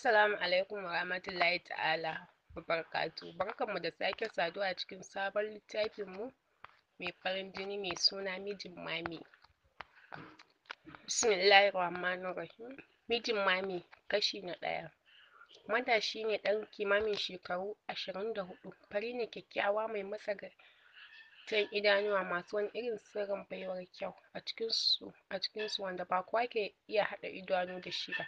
Assalamu alaikum warahmatullahi ta'ala wabarakatuh. Barkanmu da sake saduwa a cikin sabon littafinmu mai farin jini mai suna mijin mami. rahim Mijin mami kashi na ɗaya. Matashi shine ɗan kimamin shekaru ashirin da hudu, fari ne kyakkyawa mai matsakaitan idanuwa masu wani irin sirrin baiwar kyau a cikinsu a cikinsu wanda ba kowa ke iya haɗa idanu da shi ba.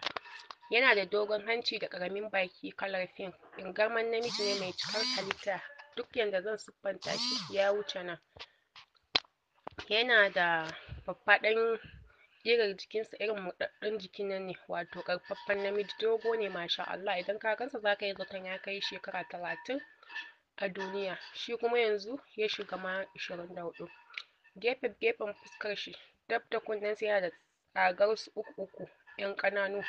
Yana da dogon hanci da ƙaramin baki kalar pink, ingarman namiji ne mai cikar halitta duk yanda zan siffanta shi ya wuce nan. Yana da faffaɗan ƙirar jikinsa irin murɗaɗɗun jiki nan ne wato ƙarfaffen namiji dogo ne masha Allah idan ka gansa za ka yi zaton ya kai shekara talatin a duniya shi kuma yanzu ya shiga ma ishirin da huɗu. Gefe gefen fuskar shi dab da kunnensa yana da tsagar su uku uku 'yan ƙananu.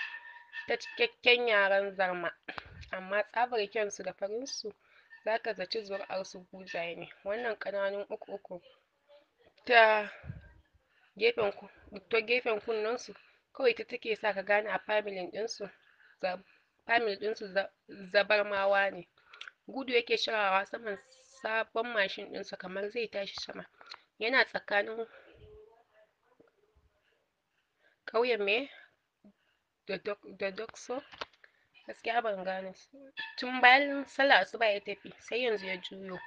ta cikakken yaren Zarma, amma tsabar kyansu da farinsu za ka zaci zuri'arsu buzaye ne. Wannan ƙananun uku-uku ta gefen kunnensu kawai ta take sa ka gane a familin ɗinsu family ɗinsu zabarmawa ne. Gudu yake shirawa saman sabon mashin ɗinsa kamar zai tashi sama. Yana tsakanin ƙauyen me da duk da gaskiya ban gane tun bayan sallah asuba ya tafi sai yanzu ya juyo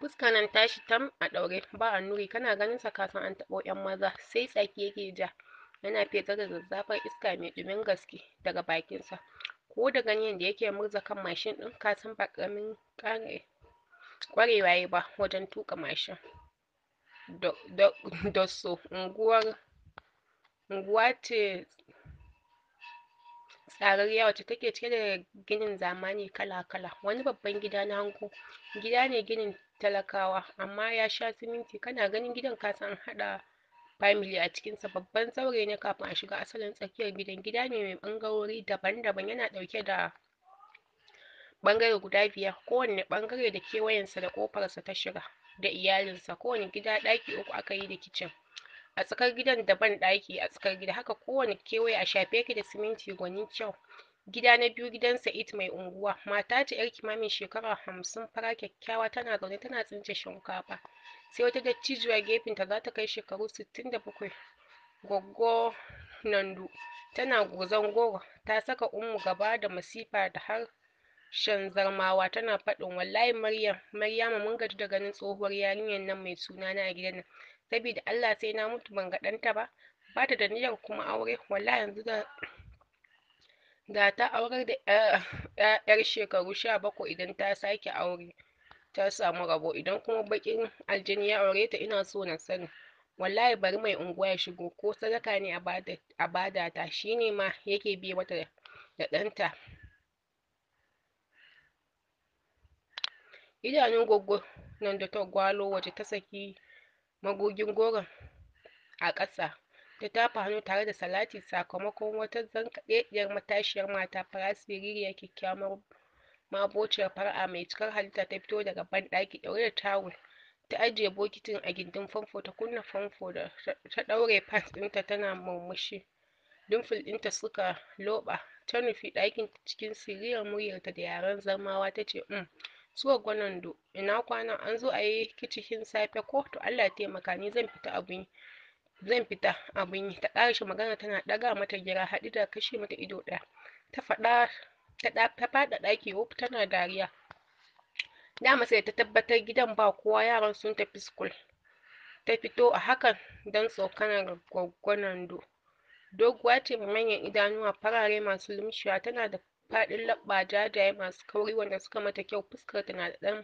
fuska nan tashi tam a ɗaure ba nuri. kana ganin sa ka an taɓo 'yan maza sai tsaki yake ja yana fetar da zazzafar iska mai ɗumin gaske daga bakinsa ko da ganin da yake murza kan mashin ɗin ka san ba ƙaramin ƙare ƙwarewa ba wajen tuƙa mashin dosso unguwar unguwa ce rarariya ta take cike da ginin zamani kala-kala wani babban gida na hango gida ne ginin talakawa amma ya sha siminti kana ganin gidan ka san an haɗa family a cikinsa babban zaure ne kafin a shiga asalin tsakiyar gidan gida ne mai bangarori daban-daban yana dauke da bangare guda biyar kowane bangare da kewayensa da sa ta shiga da iyalinsa kowane gida daki uku aka yi da kicin a tsakar gidan da ban ɗaki a tsakar gida haka kowane kewaye a shafe yake da siminti gwanin kyau gida na biyu gidan Sa'id mai unguwa mata ta yar kimamin shekara hamsin fara kyakkyawa tana zaune tana tsince shinkafa sai wata dattijuwa gefenta za ta kai shekaru sittin da bakwai gwaggo Nandu tana gozon goro ta saka Ummu gaba da masifa da har shan zarmawa tana faɗin wallahi Maryam Maryama mun gaji da ganin tsohuwar yarinyar nan mai suna na a gidan nan Sabida Allah sai na mutu ban ga ɗanta ba ba ta da niyyar kuma aure wallahi yanzu da da ta aurar da ƴar shekaru sha bakwai idan ta sake aure ta samu rabo idan kuma baƙin aljini ya aure ta ina so na sani wallahi bari mai unguwa ya shigo ko sadaka ne a bada ta shine ma yake biye mata da ɗanta idanun gwaggo nan da ta gwalo wacce ta saki magogin goron a ƙasa ta tafa hannu tare da salati sakamakon wata zankaɗeɗiyar matashiyar mata fara siririyar kyakkyawar mabociyar fara'a mai cikar halitta ta fito daga banɗaki ɗaure da tawul ta ajiye bokitin a gindin famfo ta kunna famfo da ta ɗaure fans ɗinta tana murmushi dimfil ɗinta suka loɓa ta nufi ɗakin cikin siriyar muryarta da yaren zarmawa ta ce um zuwa gwanando ina kwana an zo a yi kicikin safe ko to Allah ya taimaka ni zan fita abin zan fita abin ta ƙarshe magana tana ɗaga mata gira haɗi da kashe mata ido ɗaya ta faɗa ta faɗa ɗaki tana dariya dama sai ta tabbatar gidan ba kowa yaran sun tafi school ta fito a hakan don tsokanar do. doguwa ce mai manyan idanuwa farare masu lumshiya tana da faɗin labba jajaye masu kauri wanda suka mata kyau fuskar tana da ɗan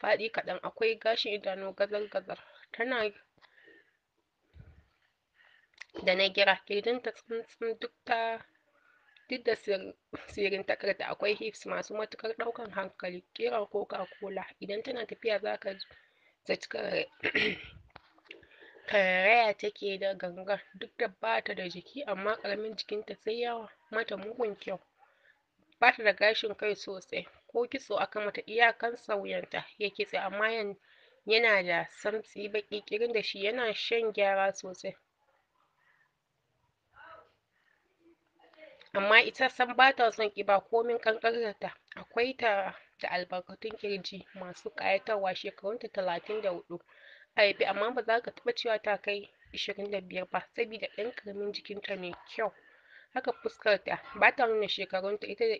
faɗi kaɗan akwai gashin idanu gazar-gazar tana da na gira kirjinta sun duk ta duk da sirrin takarda akwai hips masu matukar ɗaukan hankali ƙirar coca-cola idan tana tafiya za ka zaci karaya take da gangan. duk da ba ta da jiki amma ƙaramin jikinta sai ya mata mugun kyau bata da gashin kai sosai ko kitso akan mata iyakan sauyanta ya kitse amma yana da santsi baƙi ƙirin da shi yana shan gyara sosai amma ita sam bata ta son ƙiba komin ta? akwai ta da albarkatun kirji masu ƙayatarwa shekarunta talatin da hudu a amma ba za ka taba cewa ta kai ishirin da biyar ba sabida ɗan ƙaramin jikinta mai kyau haka fuskarta ba ta nuna shekarunta ita da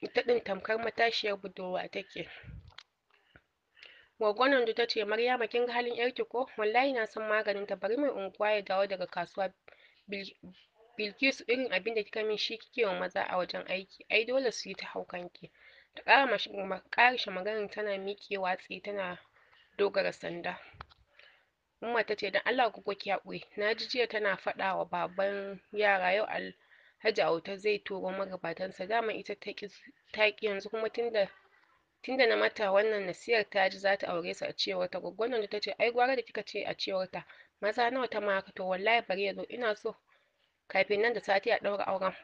ita ɗin tamkar matashiyar budurwa take gwaggonon ta ce maryama kin ga halin yarki ko wallahi na son maganin ta bari mai unguwa ya dawo daga kasuwa bilkisu irin abinda kika min shi kike wa maza a wajen aiki ai dole su yi ta haukanki ta ƙara karshe maganar tana miƙewa tsaye tana dogara sanda Umma ta ce, "Don Allah ku ki haƙuri, na ji jiya tana faɗa wa baban yara yau Alhaji Auta zai turo magabatansa dama ita ta ƙi yanzu kuma tunda tunda na mata wannan nasiyar ta ji za aure su a cewar ta gwaggwanon ta ce ai gwara da kika ce a cewar ta maza nawa ta maka to wallahi bari ya ina so kafin nan da sati a ɗaura auren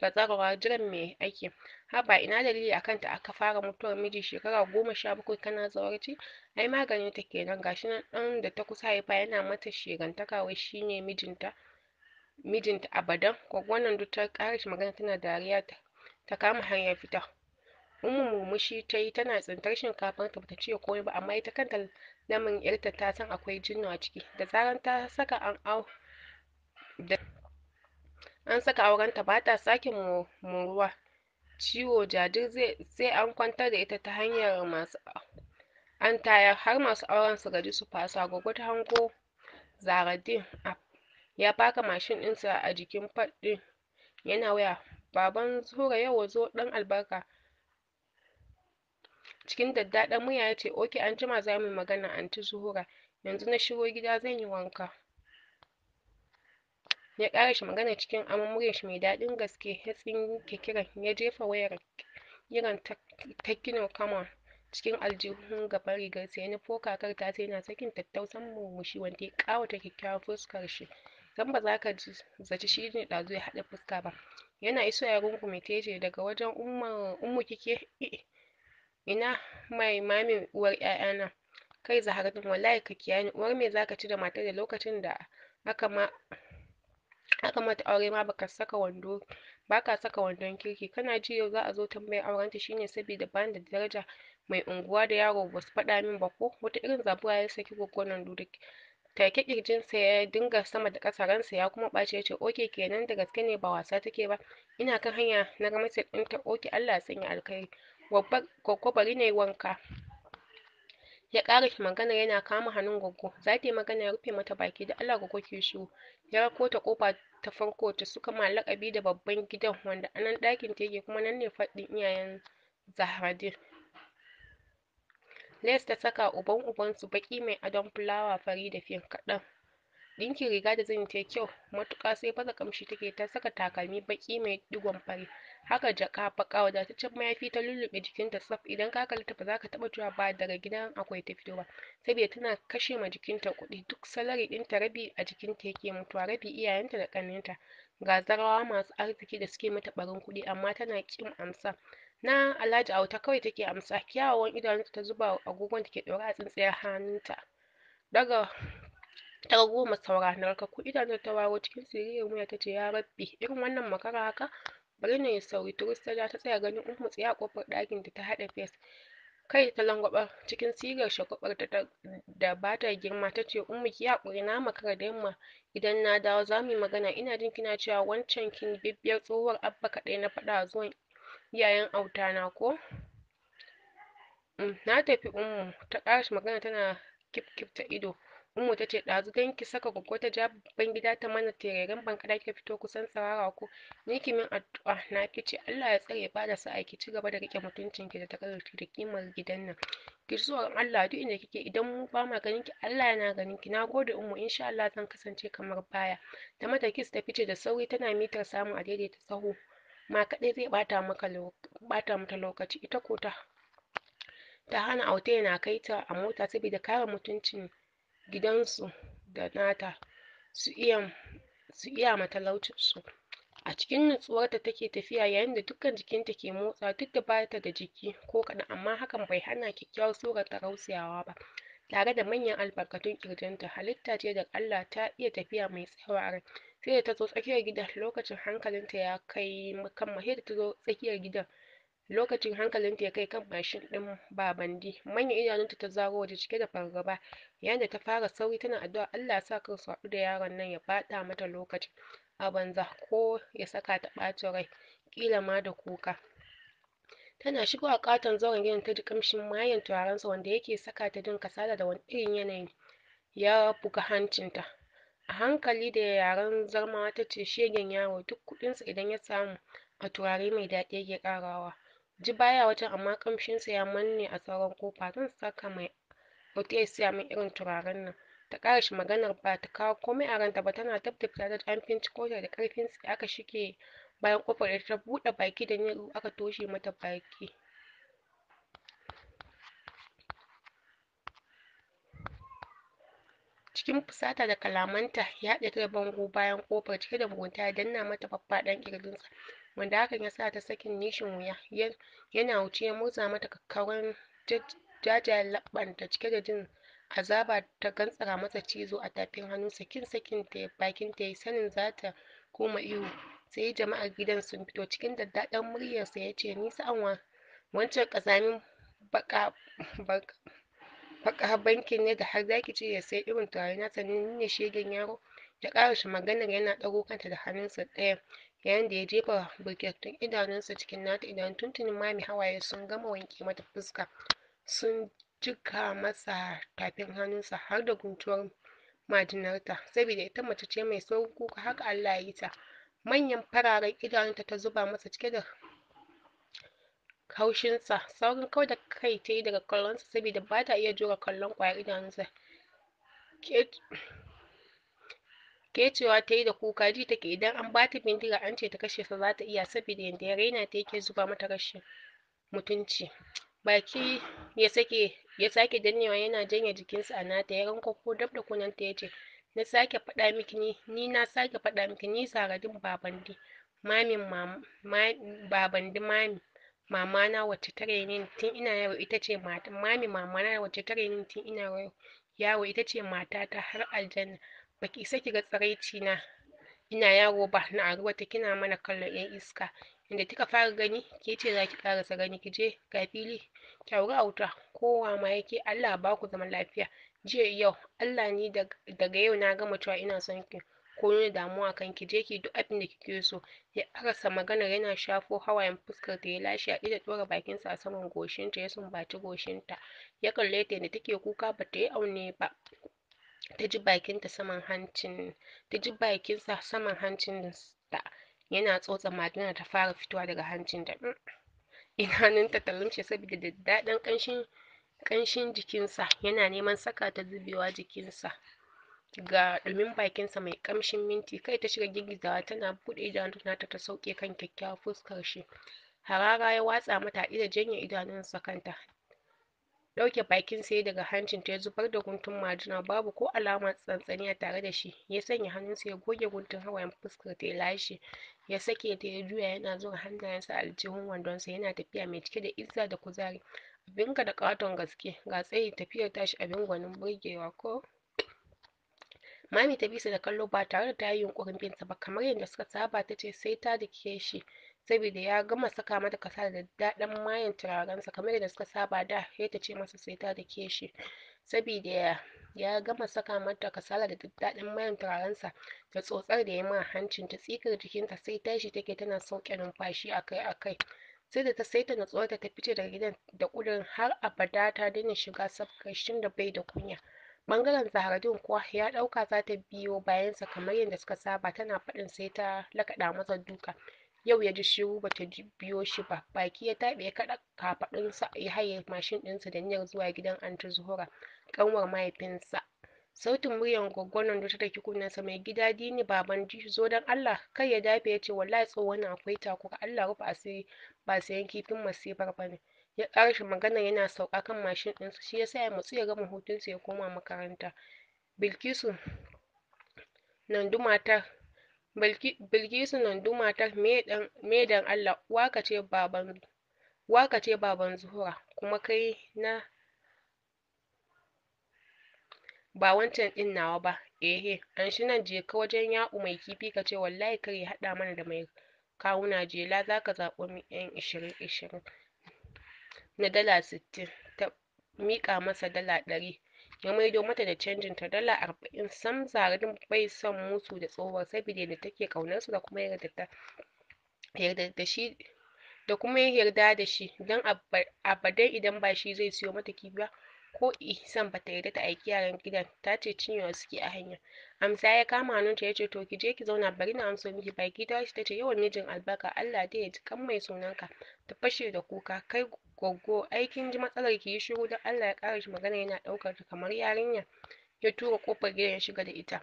bazawara jiran mai aiki haba ina dalili a kanta aka fara mutuwar miji shekara goma sha bakwai kana zawarci ai maganin ta kenan gashi nan ɗan da ta kusa haifa yana mata shigantaka wai shine mijinta mijinta abadan gwaggwanon duk ta ƙara shi magana tana dariya ta kama hanyar fita umu murmushi ta yi tana tsintar shinkafar ta bata ce komai ba amma ita kanta lamarin yarta ta san akwai jinnu a ciki da zaran ta saka an au da an saka aurenta ba ta sake moruwa ciwo jajir sai an kwantar da ita ta hanyar masu an tayar har masu auren su gaji su fasa gogo ta hango zaradin ya baka mashin ɗinsa a jikin faɗin yana waya baban zura yau zo ɗan albarka cikin daddaɗan murya ya ce oke anjima za mu magana anti zuhura yanzu na shigo gida zan yi wanka ya shi magana cikin amon shi mai daɗin gaske ya tsinke kiran ya jefa wayar kiran ta kino kama cikin aljihun gaban rigarsa ya nufo kakar ta yana sakin tattausan murmushi wanda ya ƙawata kyakkyawar fuskar shi don ba za ka zaci shi ne ɗazu ya haɗa fuska ba yana iso ya rungume ta yace daga wajen ummu kike eh, ina mai mamin uwar ƴaƴana kai zahar din wallahi ka kiyaye ni uwar me zaka ci da matar da lokacin da aka ma ya kamata aure ma baka saka wando baka saka wandon kirki kana ji yau za a zo tambayar ta shine saboda bani da daraja mai unguwa da yaro ba su faɗa min ba ko wata irin zabuwa ya saki gwaggwanon duduk take kirjinsa ya dinga sama da ƙasa ransa ya kuma ɓace ya ce oke kenan da gaske ne ba wasa take ba ina kan hanya na ga message ta oke Allah ya sanya alkhairi gwaggo bari na yi wanka ya ƙara ƙarashe magana yana kama hannun gwaggo za ta yi magana ya rufe mata baki da Allah gwaggo ke shiru ya rako ta kofa ta farko ta suka lakabi da babban gidan wanda anan nan ɗakin ta yake kuma nan ne faɗin iyayen Zahradin Les ta saka uban uban su baƙi mai adon fulawa fari da fiye kaɗan ɗinkin riga da zan ta kyau matuƙa sai baza kamshi take ta saka takalmi baƙi mai digon fari haka jaka baka wadataccen mayafi ta lullube jikinta tsaf idan ka kalli ta ba za ka taɓa cewa ba daga gidan akwai ta fito ba saboda tana kashe ma jikinta kuɗi duk salari ta rabi a jikinta yake mutuwa rabi iyayenta da ƙannenta ga zarawa masu arziki da suke mata ɓarin kuɗi amma tana ƙin amsa na alhaji auta kawai take amsa kyawawan idanun ta zuba agogon da ke ɗaure a tsintsiyar hannunta daga ta goma saura ka ku idanun ta waro cikin siriyar wuya ta ce ya rabbi irin wannan makara haka Bari ya sauri, Turistella ta ta tsaya ganin Ummu tsaye a kofar ɗakin ta haɗa fes, kai ta langwaɓa cikin sigar ta da ba ta girma ta ce, Ummu ki yi haƙuri na makara da yamma idan na dawo za mu yi magana, ina jin kina cewa wancan kini-bibiyar tsohuwar Abba kaɗai na faɗawa zuwan iyayen na ko? Mm, na tafi Ummu, ta ƙarasa magana tana kifkifta ido. Ummu ta ce ɗazu don ki saka gwaggo ta ja babban gida ta mana tereren bankada kika fito kusan tsarara ko Ni ki min addu'a na fice Allah ya tsare ba da sa'a ki ci gaba da rike mutuncin ki da takardarki da kimar gidan nan. Ki ji tsoron Allah duk inda kike idan mu ba ma ganin ki Allah yana ganin ki. na Nagode Ummu insha Allah zan kasance kamar baya. Ta mata kiss ta fice da sauri tana mitar samun a ta tsaho Ma kaɗai zai bata maka bata mata lokaci ita ko ta ta hana aute na kai ta a mota saboda kare mutuncin gidansu da nata su iya su iya ma talaucinsu a cikin nutsuwarta take tafiya yayin da dukkan jikinta ke motsa duk da bata da jiki ko kaɗan amma hakan bai hana kyakkyawar surar ta rausayawa ba tare da manyan albarkatun ƙirjinta halitta ce da Allah ta iya tafiya mai tsayawa rai sai da ta zo tsakiyar gidan lokacin hankalinta ya kai kan da ta zo tsakiyar gidan lokacin hankalinta ya kai kan mashin ɗin Babandi, manyan idanunta ta zaro waje cike da fargaba yayin da ta fara sauri tana addu'a Allah sa kar su haɗu da yaron nan ya bata mata lokaci a banza ko ya saka ta ɓacin rai ƙila ma da kuka. Tana a ƙaton zauren gidan ta ji ƙamshin mayen sa wanda yake saka ta jin kasala da wani irin yanayi ya buga hancinta. A hankali da yaren zarmawa ta ce shegen yaro duk kuɗinsa idan ya samu a turare mai daɗi yake ƙarawa. ji baya wajen amma kamshinsa ya manne a sauran kofa zan saka mai bata ya siya min irin turaren nan ta ƙara shi maganar ba ta kawo komai a ranta ba tana dab da fita da an ta da ƙarfin tsaye aka shige bayan kofar da ta buɗe baki da ne aka toshe mata baki cikin fusata da kalamanta ya haɗe ta da bango bayan kofar cike da mugunta ya danna mata faffaɗan ƙirjinsa wanda hakan ya sa ta sakin nishin wuya yana wuce ya motsa mata kakkawar jajayen da cike da jin azaba ta gantsara masa cizo a tafin hannu sakin sakin ta bakin ta yi sanin za ta koma ihu sai jama'ar gidan sun fito cikin daddaɗan muryarsa ya ce ni sa'an wancan ƙazamin baka baka bankin ne da har zaki ce ya sai irin turare na sannan ni ne shegen yaro ya shi maganar yana ɗago kanta da hannunsa ɗaya yayin da ya jefa burkyattun idanunsa cikin nata idan tuntunin mami hawaye sun gama wanke mata fuska sun jika masa tafin hannunsa har da guntuwar majinarta saboda ita mace ce mai saurin kuka haka Allah ya yi ta manyan fararen idanunta ta zuba masa cike da haushinsa saurin kawai da kai ta yi daga kallonsa saboda ba ta iya jure kallon kwayar idanunsa Kecewa ta yi da kuka ji take idan an ba ta bindiga an ce ta kashe sa za ta iya saboda yadda ya raina ta yake zuba mata rashin mutunci. Baki ya sake ya sake dannewa yana janye jikinsa a nata ya ranko ko dab da kunanta ta yace na sake faɗa miki ni ni na sake faɗa miki ni saradin babandi mamin babandi mami mama na wacce ta raine tun ina yawo ita ce mata mami mama na wacce ta tun ina yawo ita ce matata har aljanna baki isa ki ga tsaraici na ina yawo ba na aruwa ta kina mana kallon yan iska inda kika fara gani ke ce za ki karasa gani ki je ga fili kyauri auta kowa ma yake Allah ba ku zaman lafiya jiya yau Allah ni daga yau na gama cewa ina son ki ko ni damuwa kan ki je ki duk abin da kike so ya karasa maganar yana shafo hawayen fuskar ta ya lashe a da ɗora bakin sa saman goshinta ya sumbaci goshinta ya kalle ta da take kuka ta yi aune ba ta ji bakinta saman hancin ta ji bakinsa saman ta yana tsotsa majinar ta fara fitowa daga hancin hancinta idanunta ta lumshe saboda daddaɗan ƙanshin ƙanshin jikinsa yana neman saka ta zubewa jikinsa ga ɗumin bakinsa mai ƙamshin minti kai ta shiga girgizawa tana buɗe idanun ta sauke kan kyakkyawar fuskar shi harara ya watsa mata haɗi da janye idanunsa kanta dauke bakin sai daga hancin ta ya zubar da guntun majina babu ko alama tsantsaniya tare da shi ya sanya hannunsa ya goge guntun hawayen fuskar ta ya lashe ya sake ta ya juya yana zura hannayensa a aljihun wandonsa yana tafiya mai cike da izza da kuzari abin ka da ƙaton gaske ga tsayi tafiyar tashi abin gwanin burgewa ko mami ta bisa da kallo ba tare da ta yi yunƙurin binsa ba kamar yadda suka saba ta ce sai ta dake shi saboda ya gama saka mata kasa da daɗin mayan turarensa kamar yadda suka saba da ya ta ce masa sai ta dake shi saboda ya gama saka mata kasala da daɗin mayan turarensa da tsotsar da ya ma hancin ta tsikar jikinta sai tashi take tana sauke numfashi akai-akai sai da ta saita natsuwarta ta fice daga gidan da ƙudurin har abada ta daina shiga sabkashin da bai da kunya bangaren zaharadin kuwa ya ɗauka za ta biyo bayansa kamar yadda suka saba tana faɗin sai ta lakaɗa masa duka yau ya ji shiru bata biyo shi ba baki ya taɓe ya kaɗa kafaɗinsa ya haye mashin ɗinsa da niyyar zuwa gidan anti zuhura ƙanwar mahaifinsa sautin muryar gwaggwanon da ta daki kunnensa mai gida dini baban ji zo don allah kai ya dafe ya ce wallahi tsohon akwai takura allah rufe asiri ba sayan kifin masifar ba ne ya ƙarshe magana yana sauka kan mashin ɗinsa shi ya sa ya matsu ya gama hutunsa ya koma makaranta bilkisu nandu matar Bilkisu duma ta Dan Allah waka ce baban Zuhura kuma kai na ba wancan ɗin nawa ba ehe an shi nan je ka wajen yaƙu mai kifi ka ce wallahi kar ya haɗa mana da mai kawuna jela za ka zaɓo min yan ishirin ishirin na dala sittin ta miƙa masa dala ɗari ya maido mata da canjin ta dala arba'in sam zaradin bai son musu da tsohuwar saboda yadda take su da kuma yarda ta yarda da shi da kuma yarda da shi don abadan idan ba shi zai siyo mata kifi ko ihsan bata yarda ta aiki yaran gidan ta ce cinyewa suke a hanya amsa ya kama hannunta ya ce to ki je ki zauna bari na amsa miki baki ta ta ce yawan mijin albarka Allah dai ya ji kan mai sunanka ta fashe da kuka kai goggo aikin ji matsalar ki yi shiru don Allah ya kara shi magana yana daukar ta kamar yarinya ya tura kofar gidan ya shiga da ita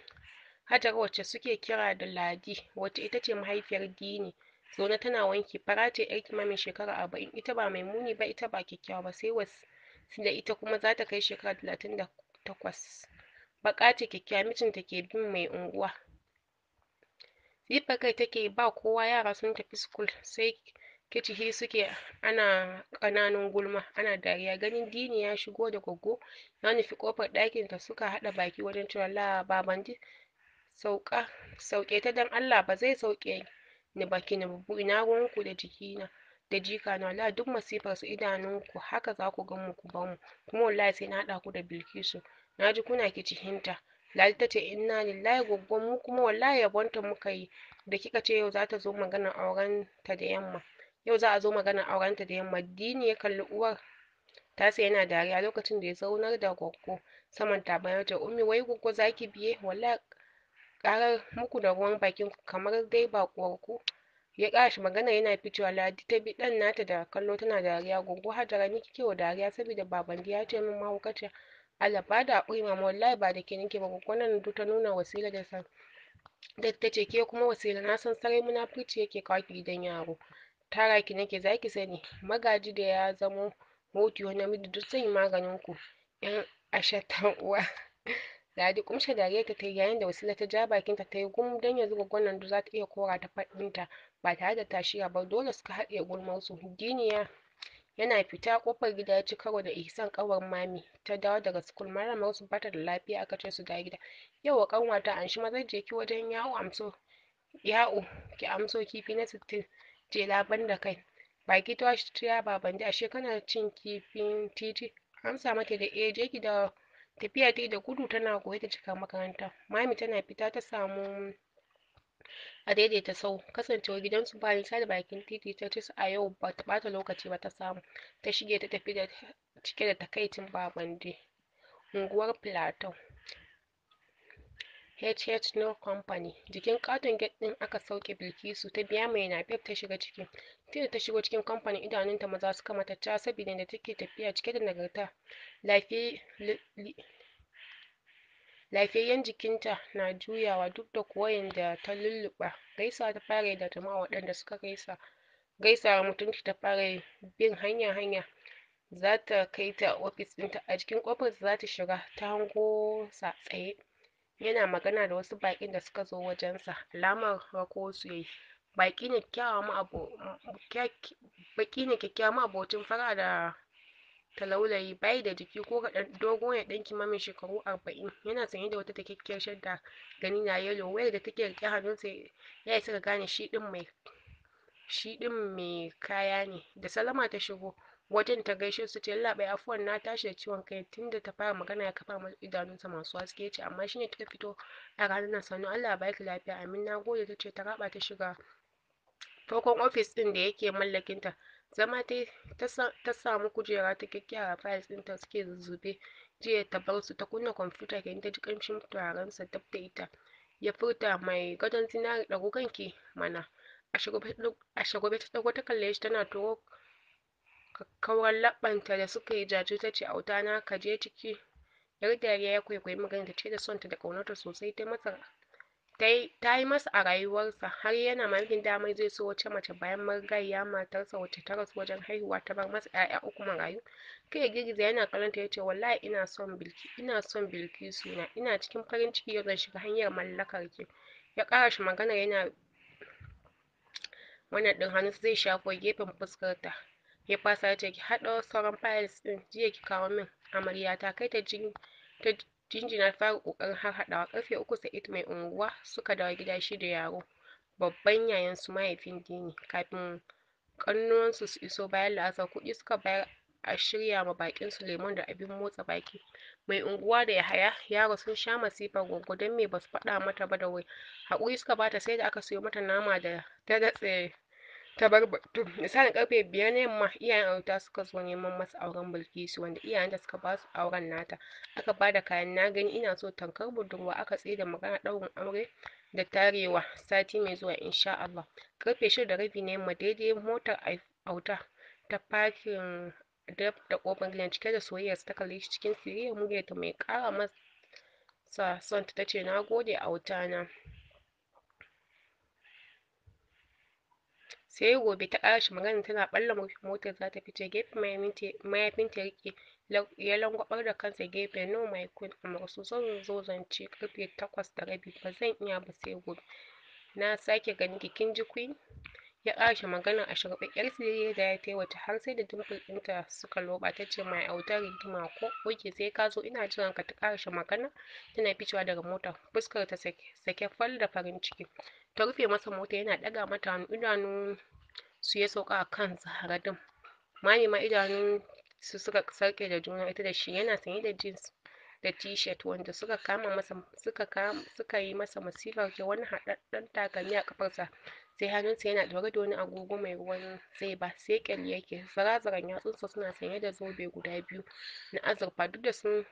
Hajara wacce suke kira da Ladi wacce ita ce mahaifiyar Dini zaune tana wanki fara ce yar kimamin shekara arba'in ita ba mai muni ba ita ba kyakkyawa ba sai wasu da ita kuma za ta kai shekara talatin da takwas baƙa ce mijinta ke bin mai unguwa sifa kai take ba kowa yara sun tafi school sai kicihi suke ana ƙananun gulma ana dariya ganin dini ya shigo da gwaggo ya nufi ƙofar ɗakinta suka haɗa baki wajen cewa la baban ji sauka sauke ta don Allah ba zai sauke ni ba ki na ina ruwanku da jikina da jika na wallahi duk masifar su idanun ku haka za ku gan mu ku bar mu kuma wallahi sai na haɗa ku da Bilkisu Na ji kuna ki cikinta Ladi ta ce inna lillahi goggo mu kuma wallahi yabonta muka yi da kika ce yau za ta zo magana auren da yamma yau za a zo maganar auren da yamma Dini ya kalli uwar tasa yana dariya lokacin da ya zaunar da goggo saman ta bayar ta ummi wai goggo zaki biye wallahi karar muku da ruwan bakin ku kamar dai baƙuwar ku ya ƙara magana yana fitowa ladi ta bi ɗan nata da kallo tana dariya gungu har da rani kike wa dariya saboda baban ya ce min mahaukaciya Allah ba da haƙuri mama wallahi ba da ke nake ba gungu nan duk ta nuna wasila da san da ta ce ke kuma wasila na san sarai munafurci yake kawo ki gidan yaro tara ki nake za ki sani magaji da ya zamo na namiji duk zan yi maganin ku 'yan ashatan uwa Ladi kumshe dariya ta ta yayin da Wasila ta ja bakinta ta yi gum dan yanzu da za ta iya kora ta ta ba tare da ta ba dole suka haɗiye su Diniya yana fita kofar gida ya ci karo da Ihsan ƙawar mami ta dawo daga sukul su bata da lafiya aka ce su dawo gida. Yauwa kanwata an shi maza je ki wajen yawo amso ya'u ki amso kifi na sittin je laban kai. Baki ta washe ta baban ashe kana cin kifin titi amsa mata da eh je ki tafiya ta yi da gudu tana goye ta cika makaranta mami tana fita ta samu a daidaita sau kasancewar gidansu ba nisa da bakin titi ta ci a yau ba ta bata lokaci ba ta samu ta shige ta tafi da cike da takaicin babande unguwar plateau H.H. No Company. Jikin katon gate ɗin aka sauke Bilkisu ta biya mai napep ta shiga ciki. Tunda ta shigo cikin kamfanin idanunta maza suka mata ca saboda da take tafiya cike da nagarta. Lafiyayyen jikinta na juyawa duk da kuwa yanda ta lulluɓa. Gaisawa ta fara da jama'a waɗanda suka gaisa. gaisawa mutunci ta fara bin hanya-hanya za ta kai ta ofis ɗinta. A jikin ƙofar da za ta shiga ta hango sa tsaye. yana magana da wasu baƙin da suka zo wajensa alamar rako su yayi baƙi ne ma abokin fara da talaulayi bayi da jiki ko kaɗan dogo ya ɗan kimamin shekaru arba'in yana sanye da wata takakkiyar shadda gani na yalo wayar da take riƙe hannunsa ya isa ka gane shi ɗin mai shi ɗin mai kaya ne da salama ta shigo wajen ta gaishe su ce labai afuwan na tashi da ciwon kai tunda ta fara magana ya kafa mata idanunsa masu haske ce amma shine ta fito a ranar nan sannu Allah ba ki lafiya amin na gode ta ce ta raba ta shiga farkon ofis din da yake mallakinta zama ta ta samu kujera ta kyakkyara files din ta suke zuzzube jiya ta bar su ta kunna kwamfuta ke ta ji kamshin turarensa dab da ita ya furta mai gadon zinari ɗago kanki mana a shagobe ta ɗago ta kalle shi tana turo kauran laɓanta da suka yi jajir ta ce na ka je ciki." Yar dariya ya kwaikwayi ta ce da sonta da ƙaunarta sosai ta yi masa a rayuwarsa, har yana mamakin damar zai so wata mace bayan margayya matarsa wacce ta rasu wajen haihuwa ta bar masa ‘ya'ya uku marayu. Kai ya girgiza yana kallonta ya ce "Wallahi ina son Bilkisu na, ina cikin farin ciki yau zan shiga hanyar mallakar ki." Ya ƙara shi maganar yana wannan ɗin hannu zai shafo gefen fuskarta. ya fasa ya ce ki haɗa sauran files ɗin jiya ki kawo min amarya ta kai ta jin ta jinjina fara ƙoƙarin har haɗawa ƙarfe uku it mai unguwa suka dawo gida shi da yaro babban yayan su mahaifin dini kafin ƙannuwansu su iso bayan la'asar kuɗi suka bayar a shirya ma bakin su lemon da abin motsa baki mai unguwa da yahaya yaro sun sha masifar gwaggwadon don me basu faɗa mata ba da wuri haƙuri suka bata sai da aka siyo mata nama da ta datse ta bar batu Misalin karfe biyar na yamma, iyayen auta suka zo neman masa auren Bilkisu, wanda iyayen ta suka basu auren nata. Aka ba da kayan na gani ina so tankar budurwa aka da magana ɗaurin aure da tarewa sati mai zuwa insha Allah. karfe shida da rabi na yamma daidai motar auta ta fakin dab da kofar gidan cike da soyayyarsa ta kalle shi cikin siriyar ta mai kara masa son ta tace na gode auta na. sai gobe ta ƙarashi magana tana ɓalla murfin motar za ta fice gefen mayafinta ya rike ya langwabar da kansa gefe no my queen su zan zo zance karfe takwas da rabi ba zan iya ba sai gobe na sake ganin kikin kin ji queen ya ƙarashe maganar a shagwaɓaɓɓiyar da ya wata har sai da dimpul ɗinta suka loba ta ce mai autar rigima ko oke sai ka zo ina jiran ka ta ƙarashe magana tana ficewa daga mota fuskar ta sake fal da farin ciki ta rufe masa mota yana ɗaga mata hannu idanu su ya sauka a kan zaharadin din ma idanun su suka sarƙe da juna ita da shi yana sanye da jeans da t-shirt wanda suka kama masa suka suka yi masa masifar ke wani haɗaɗɗen takalmi a kafarsa sai hannunsa yana ɗaure da wani agogo mai ruwan zaiba sai ƙyalli yake zarazaran yatsunsa suna sanye da zobe guda biyu na azurfa duk da sun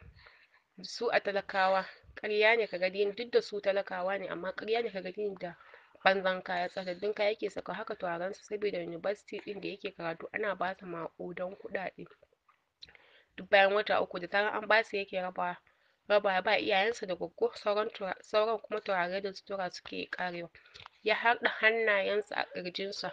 su a talakawa ƙarya ne ka gani duk da su talakawa ne amma ƙarya ne ka gani da banzan kaya tsadaddun kaya yake saka haka turaren su saboda university ɗin da yake karatu ana ba su maƙudan kuɗaɗe duk bayan wata uku da zaran an basu yake rabawa rabawa ba iyayensa da goggo sauran sauran kuma turare da sutura suke karewa. ya haɗa hannayensa a ƙirjinsa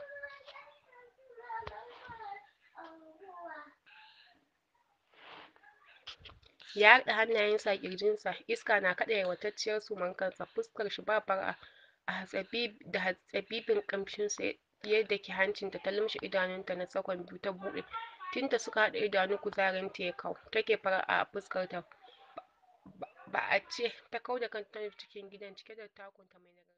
ya haɗa hannayensa a ƙirjinsa iska na kaɗa yawatacciyar suman kansa fuskar shi ba fara a hatsabi da hatsabibin ƙamshinsa yadda ke hancinta ta lumshe idanunta na sakon biyu ta buɗe Tunda suka haɗa idanu ta ya kau, take fara a fuskarta ba a ce, ta kauda kanta cikin gidan cike da takunta mai nagarta.